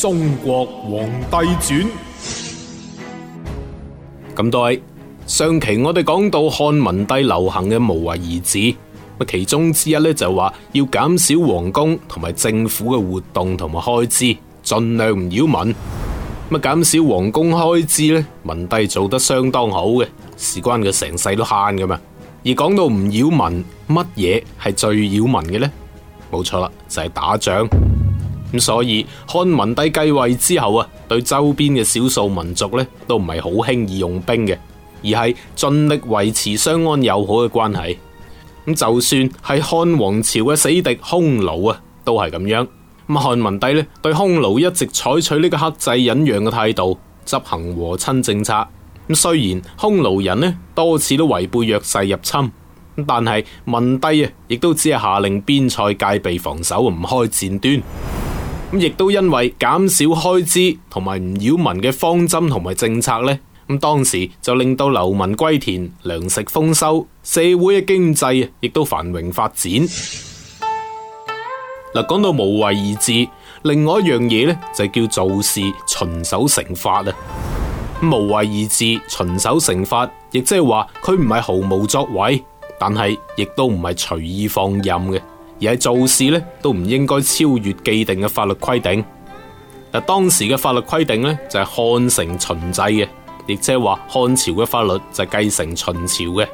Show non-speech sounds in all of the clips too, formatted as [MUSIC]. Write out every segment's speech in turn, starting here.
中國皇帝傳咁多位，上期我哋講到漢文帝流行嘅無為而治，其中之一呢，就話要減少皇宮同埋政府嘅活動同埋開支，盡量唔擾民。咁減少皇宮開支呢，文帝做得相當好嘅，事關佢成世都慳㗎嘛。而講到唔擾民，乜嘢係最擾民嘅呢？冇錯啦，就係、是、打仗。咁所以漢文帝繼位之後啊，對周邊嘅少數民族咧，都唔係好輕易用兵嘅，而係盡力維持相安友好嘅關係。咁就算係漢王朝嘅死敵匈奴啊，都係咁樣。咁漢文帝咧，對匈奴一直採取呢個克制忍讓嘅態度，執行和親政策。咁雖然匈奴人咧多次都違背約誓入侵，但係文帝啊，亦都只係下令邊塞戒備防守，唔開戰端。亦都因為減少開支同埋唔擾民嘅方針同埋政策呢，咁當時就令到流民歸田、糧食豐收、社會嘅經濟亦都繁榮發展。嗱，講到無為而治，另外一樣嘢呢，就叫做事循守成法啊。無為而治、循守成法，亦即係話佢唔係毫無作為，但係亦都唔係隨意放任嘅。而係做事咧，都唔應該超越既定嘅法律規定。嗱，當時嘅法律規定咧，就係、是、漢承秦制嘅，亦即係話漢朝嘅法律就係繼承秦朝嘅。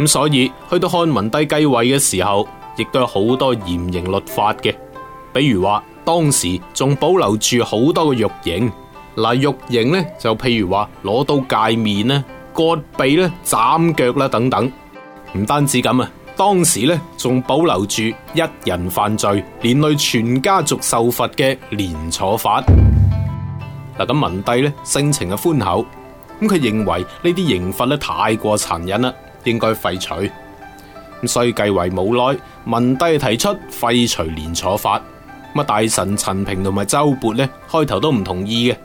咁所以去到漢文帝繼位嘅時候，亦都有好多嚴刑律法嘅。比如話，當時仲保留住好多嘅肉刑。嗱，肉刑呢就譬如話攞刀界面啦、割鼻啦、斬腳啦等等，唔單止咁啊。當時咧仲保留住一人犯罪連累全家族受罰嘅連坐法。嗱，咁，文帝咧性情嘅寬厚，咁佢認為呢啲刑罰咧太過殘忍啦，應該廢除。咁所以繼位冇耐，文帝提出廢除連坐法。咁啊，大臣陳平同埋周勃咧開頭都唔同意嘅。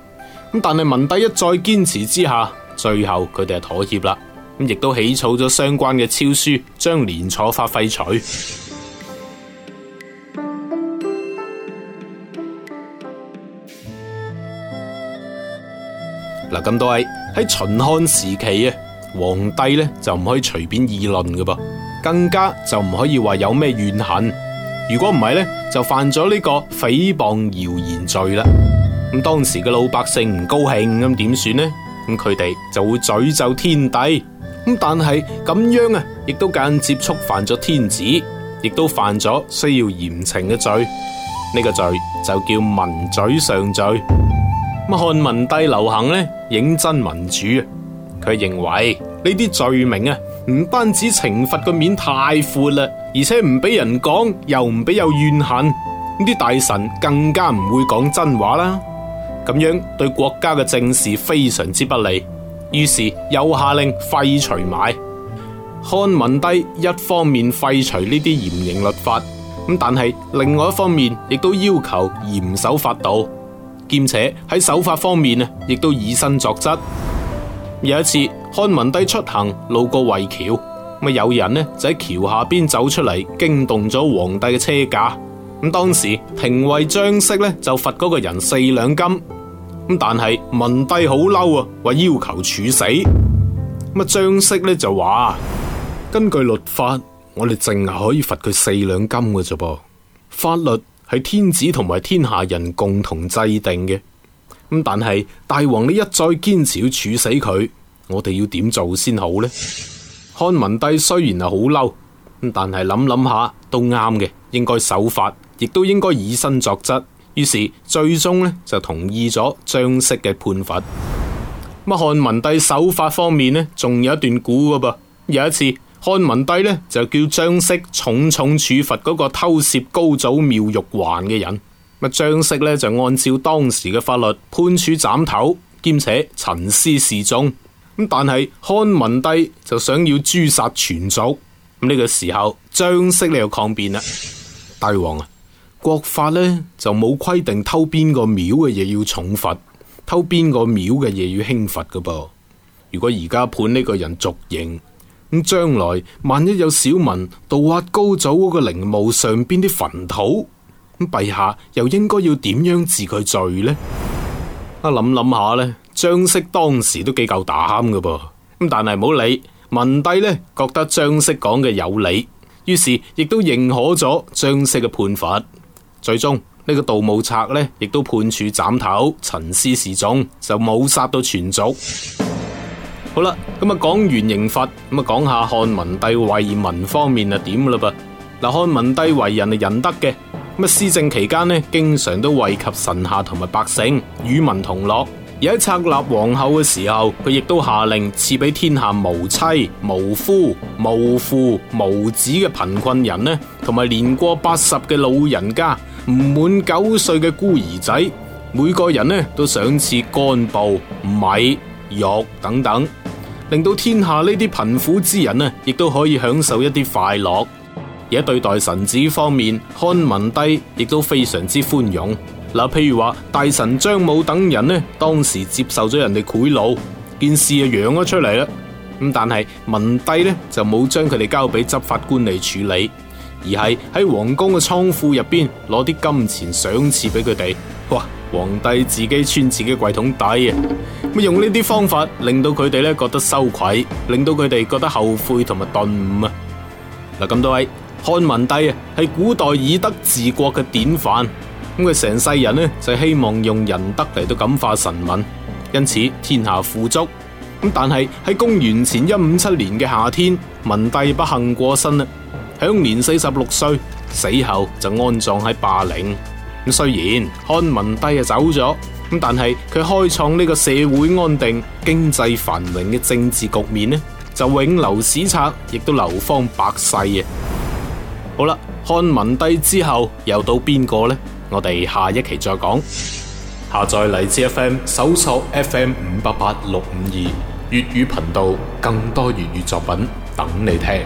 咁但係文帝一再堅持之下，最後佢哋就妥協啦。咁亦都起草咗相關嘅詔書，將連坐法廢除。嗱，咁 [NOISE] 多樂位喺秦漢時期啊，皇帝咧就唔可以隨便議論嘅噃，更加就唔可以話有咩怨恨。如果唔係咧，就犯咗呢個誹謗謠言罪啦。咁當時嘅老百姓唔高興，咁點算呢？咁佢哋就會詛咒天帝，咁但係咁樣啊，亦都間接觸犯咗天子，亦都犯咗需要嚴懲嘅罪。呢個罪就叫民詛上罪。咁漢文帝劉恆呢，認真民主，佢認為呢啲罪名啊，唔單止懲罰個面太闊啦，而且唔俾人講，又唔俾有怨恨，啲大臣更加唔會講真話啦。咁樣對國家嘅政事非常之不利，於是又下令廢除埋。漢文帝一方面廢除呢啲嚴刑律法，咁但係另外一方面亦都要求嚴守法度，兼且喺守法方面呢，亦都以身作則。有一次，漢文帝出行路過渭橋，咁有人呢就喺橋下邊走出嚟，驚動咗皇帝嘅車駕。咁當時廷尉張釋呢就罰嗰個人四兩金。咁但係文帝好嬲啊，話要求處死。咁啊張釋呢就話：根據律法，我哋淨係可以罰佢四兩金嘅啫噃。法律係天子同埋天下人共同制定嘅。咁但係大王你一再堅持要處死佢，我哋要點做先好呢？漢文帝雖然係好嬲，但係諗諗下都啱嘅，應該守法，亦都應該以身作則。於是最終呢，就同意咗張釋嘅判罰。咁漢文帝守法方面呢，仲有一段古噶噃。有一次，漢文帝呢，就叫張釋重重處罰嗰個偷竊高祖廟玉環嘅人。咁啊，張釋咧就按照當時嘅法律判處斬頭，兼且陳屍示眾。咁但係漢文帝就想要誅殺全族。咁呢個時候，張釋就抗辯啦：，帝王。啊！國法呢就冇規定偷邊個廟嘅嘢要重罰，偷邊個廟嘅嘢要輕罰噶噃。如果而家判呢個人逐刑，咁將來萬一有小民盜挖高祖嗰個陵墓上邊啲墳土，陛下又應該要點樣治佢罪呢？啊諗諗下呢，張釋當時都幾夠膽噶噃。咁但係冇理，文帝呢覺得張釋講嘅有理，於是亦都認可咗張釋嘅判罰。最終呢、這個盜墓賊呢，亦都判處斬頭、陳屍示眾，就冇殺到全族。好啦，咁啊講完刑罰，咁啊講下漢文帝為民方面啊點啦噃。嗱，漢文帝為人係仁德嘅，咁啊施政期間呢，經常都惠及臣下同埋百姓，與民同樂。而喺策立皇后嘅時候，佢亦都下令賜俾天下無妻、無夫、無父、無子嘅貧困人呢，同埋年過八十嘅老人家。唔滿九歲嘅孤兒仔，每個人呢都賞賜乾布、米、肉等等，令到天下呢啲貧苦之人呢，亦都可以享受一啲快樂。而喺對待臣子方面，漢文帝亦都非常之寬容。嗱，譬如話大臣張武等人呢，當時接受咗人哋賄賂，件事啊揚咗出嚟啦。咁但係文帝呢就冇將佢哋交俾執法官嚟處理。而係喺皇宮嘅倉庫入邊攞啲金錢賞賜俾佢哋。哇！皇帝自己穿自己櫃桶底啊！咁用呢啲方法令到佢哋咧，覺得羞愧，令到佢哋覺得後悔同埋頓悟啊！嗱，咁多位漢文帝啊，係古代以德治國嘅典範。咁佢成世人咧，就希望用仁德嚟到感化臣民，因此天下富足。咁但係喺公元前一五七年嘅夏天，文帝不幸過身啦。享年四十六歲，死後就安葬喺霸陵。雖然漢文帝走咗，但係佢開創呢個社會安定、經濟繁榮嘅政治局面呢，就永留史冊，亦都流芳百世啊！好啦，漢文帝之後又到邊個呢？我哋下一期再講。下載荔枝 FM，搜索 FM 五八八六五二粵語頻道，更多粵語作品等你聽。